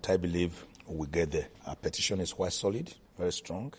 But I believe we get there. Our petition is quite solid, very strong.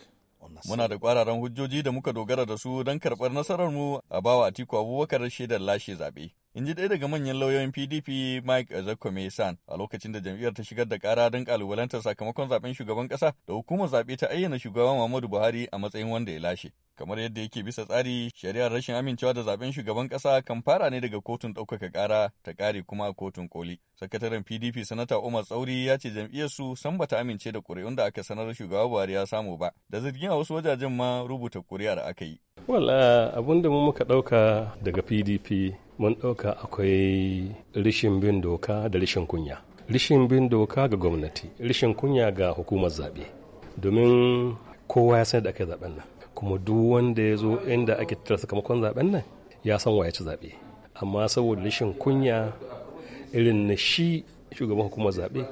Muna da kwararan hujjoji da muka dogara da su don karɓar nasararmu a bawa Atiku Abubakar shaidar lashe zaɓe. in ji ɗaya daga manyan lauyoyin pdp mike ezekome san a lokacin da jam'iyyar ta shigar da ƙara don ƙalubalanta sakamakon zaben shugaban ƙasa da hukumar zaɓe ta ayyana shugaban muhammadu buhari a matsayin wanda ya lashe kamar yadda yake bisa tsari shari'ar rashin amincewa da zaben shugaban ƙasa kan fara ne daga kotun ɗaukaka ƙara ta ƙare kuma a kotun koli sakataren pdp sanata umar tsauri ya ce jam'iyyarsu san bata amince da ƙuri'un da aka sanar shugaba buhari ya samu ba da zargin a wasu wajajen ma rubuta ƙuri'ar aka yi. wala uh, abun da mu muka ɗauka daga pdp mun ɗauka akwai rishin bin doka da rishin kunya rishin bin doka ga gwamnati rishin kunya ga hukumar zaɓe domin kowa ya san da ake zaɓen nan kuma duk wanda ya zo inda ake tattara sakamakon zaɓen nan ya san wa ya ci zaɓe amma saboda rishin kunya irin na shi shugaban hukumar zaɓe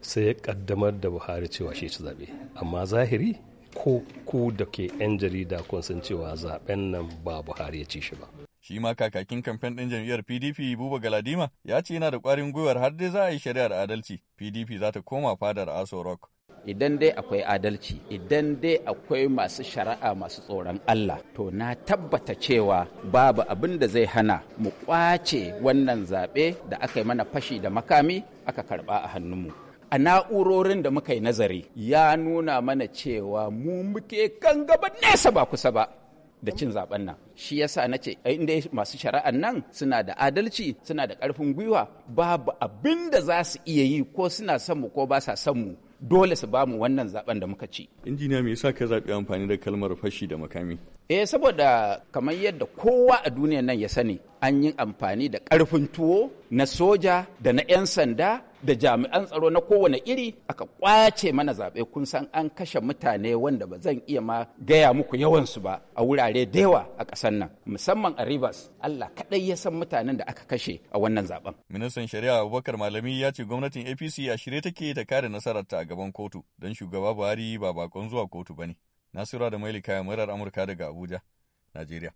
sai ya kaddamar da buhari cewa shi ci zaɓe amma zahiri ko ku da ke 'yan jarida kun san cewa zaɓen nan ba buhari ya ci shi ba shi ma kakakin kamfen ɗin jam'iyyar pdp buba galadima ya ce yana da ƙwarin gwiwar har dai za a yi shari'ar adalci pdp za ta koma fadar aso rock idan dai akwai adalci idan dai akwai masu shari'a masu tsoron Allah to na tabbata cewa babu abin da zai hana mu ƙwace wannan zaɓe da aka yi mana fashi da makami aka karɓa a hannunmu a na'urorin da muka yi nazari ya nuna mana cewa mu muke kan gaba nesa ba kusa ba da cin zaben nan shi yasa na ce inda masu shari'an nan suna da adalci suna da karfin gwiwa babu abin da za su iya yi ko suna son mu ko ba sa son mu dole su bamu wannan zaben da muka ci. Injiniya me yasa ka zaɓi amfani da kalmar fashi da makami? Eh saboda kamar yadda kowa a duniyar nan ya sani an yi amfani da ƙarfin tuwo na soja da na 'yan sanda da jami'an tsaro na kowane iri aka kwace mana zaɓe kun san an kashe mutane wanda ba zan iya ma gaya muku yawansu ba a wurare da yawa a ƙasar nan musamman a Rivers Allah kaɗai ya san mutanen da aka kashe a wannan zaɓen. Ministan Shari'a Abubakar Malami ya ce gwamnatin APC a shirye take ta kare nasarar ta a gaban kotu don shugaba Buhari ba bakon zuwa kotu ba bane. nasiru da Mailika murar Amurka daga Abuja, Najeriya.